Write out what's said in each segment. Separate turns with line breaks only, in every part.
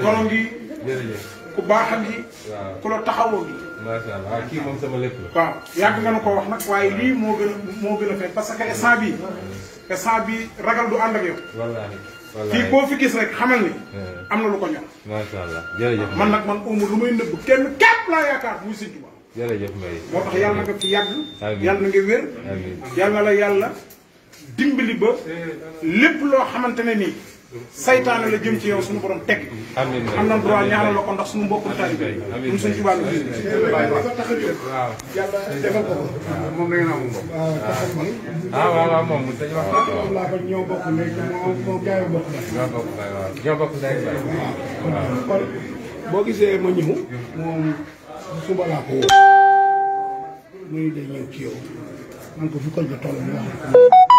golo ngi ku baax a ngi ku la taxawoo ngi ah, sama lépp la. waaw yàgg nga nu ko wax nag waaye lii moo gën a moo gën a fekk parce que instant bii instant bii ragal du ànd ak yow. kii koo fi gis rek xamal ni. Eh. am na lu ko ñor. macha man nag man oomu lu may nëbb kenn képp laa yaakaar muy sëñ Tuubaa. jërëjëf moo tax yàlla na nga fi yàgg. yàlla na nga wér. yàlla la yàlla dimbali ba eh, eh, lépp loo xamante ne nii. saytaane la jëm ci yow suñu borom teg am na droit ñaanal la ko ndax suñu mbokku taalibe bi ñun suñu tubaab bi waaw yàlla defal ko
ah, moom da ngeen amul mbokk ah, ah,
ah waaw waaw moom dañ wax
la ko ñoo bokk léegi moom moom gaay bokk
ñoo bokk baay waaw ñoo bokk day baay kon
boo gisee ma ñëw moom suba laa ko woo muy day ñëw ci yow man ko fu ko toll ñu wax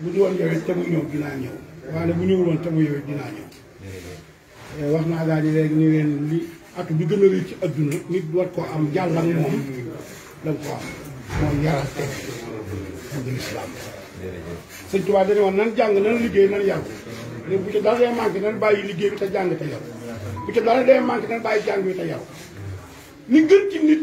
bu ñu woon yowet te mu ñëw dinaa ñëw waaye bu ñu woon te mu yowet dinaa ñëw eh, wax naa gaa yi léegi ni leen li atu bi gën a rëy ci adduna nit war koo am jàll ak moom da ko am mooy yaral teg bëgg lislaam sëñ Tuubaa dañu woon nan jàng nan liggéey nan yaru ne bu ca dara dee manqué nan bàyyi liggéey bi te jàng te yaru bu ca dara dee manqué nan bàyyi jàng bi te yaru ni gën ci nit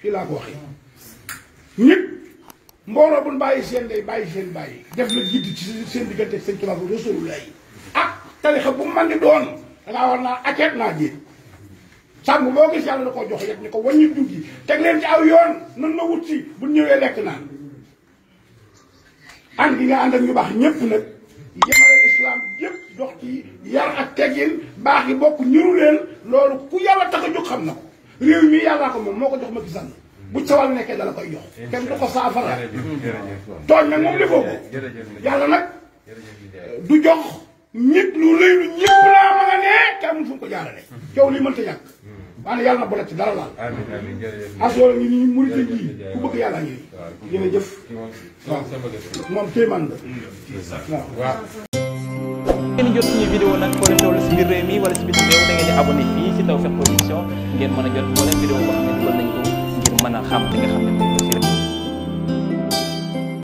fii laa ko waxee ñëpp mbooloo bu ñu bàyyi seen ndey bàyyi seen bàyyi def na jiitu ci seen diggante seen tubaab rasulullah yi ak tarixa bu man di doon dangaa war naa akeet naa jéem sàmm boo gis yàlla da koo jox yet ko wàññi dugg yi ci aw yoon nan la wut ñëwee lekk naan gi nga ànd baax ñëpp nag jox ci yar ak teggin baax yi bokk ñëru leen loolu ku yàlla tax a jóg xam na ko réew mi yàllaa ko moom moo ko jox Macky Sall bu cawal nekkee dala koy jox kenn du ko saafara tooñ nag moom li foofu yàlla nag du jox ñëpp lu rëy lu ñëpp laa ma nga ne te amul fu mu ko jaarale coow li mënta ñàkk maanaam yàlla na bu la ci dara laal asoo ngi nii murit a ngi ku bëgg yàlla ngi nii jërëjëf waaw moom téemaan
la waaw ngeen jot suñu vidéo nag foo leen toll si biir réew mi di abonné fii si Tawfekh a jot moo leen vidéo boo xam ne dugal nañ ko ngir mën a xam li nga
xam ne